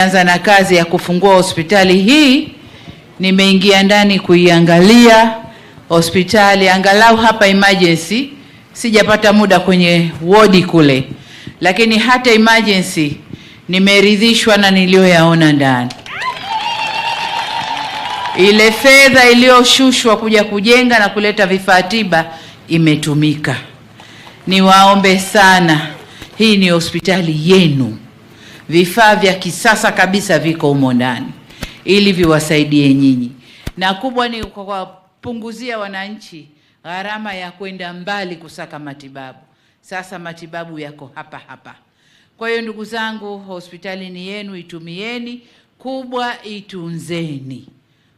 Anza na kazi ya kufungua hospitali hii, nimeingia ndani kuiangalia hospitali angalau hapa emergency. Sijapata muda kwenye wodi kule, lakini hata emergency nimeridhishwa na niliyoyaona ndani. Ile fedha iliyoshushwa kuja kujenga na kuleta vifaa tiba imetumika. Niwaombe sana, hii ni hospitali yenu vifaa vya kisasa kabisa viko humo ndani ili viwasaidie nyinyi, na kubwa ni kuwapunguzia wananchi gharama ya kwenda mbali kusaka matibabu. Sasa matibabu yako hapa hapa. Kwa hiyo ndugu zangu, hospitali ni yenu, itumieni kubwa, itunzeni,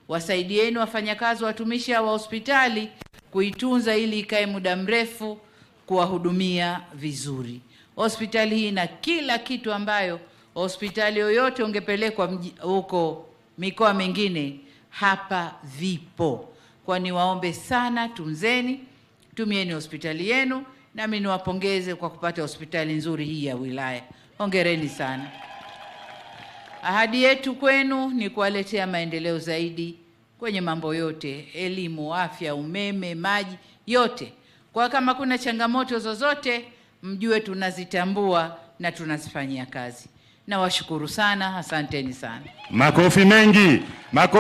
wasaidieni wafanyakazi, watumishi wa hospitali kuitunza ili ikae muda mrefu, kuwahudumia vizuri. Hospitali hii ina kila kitu ambayo hospitali yoyote ungepelekwa huko mikoa mingine, hapa vipo. Kwa niwaombe sana, tunzeni, tumieni hospitali yenu. Nami niwapongeze kwa kupata hospitali nzuri hii ya wilaya. Hongereni sana. Ahadi yetu kwenu ni kuwaletea maendeleo zaidi kwenye mambo yote, elimu, afya, umeme, maji, yote. Kwa kama kuna changamoto zozote, mjue tunazitambua na tunazifanyia kazi. Nawashukuru sana, asanteni sana. Makofi mengi, makofi.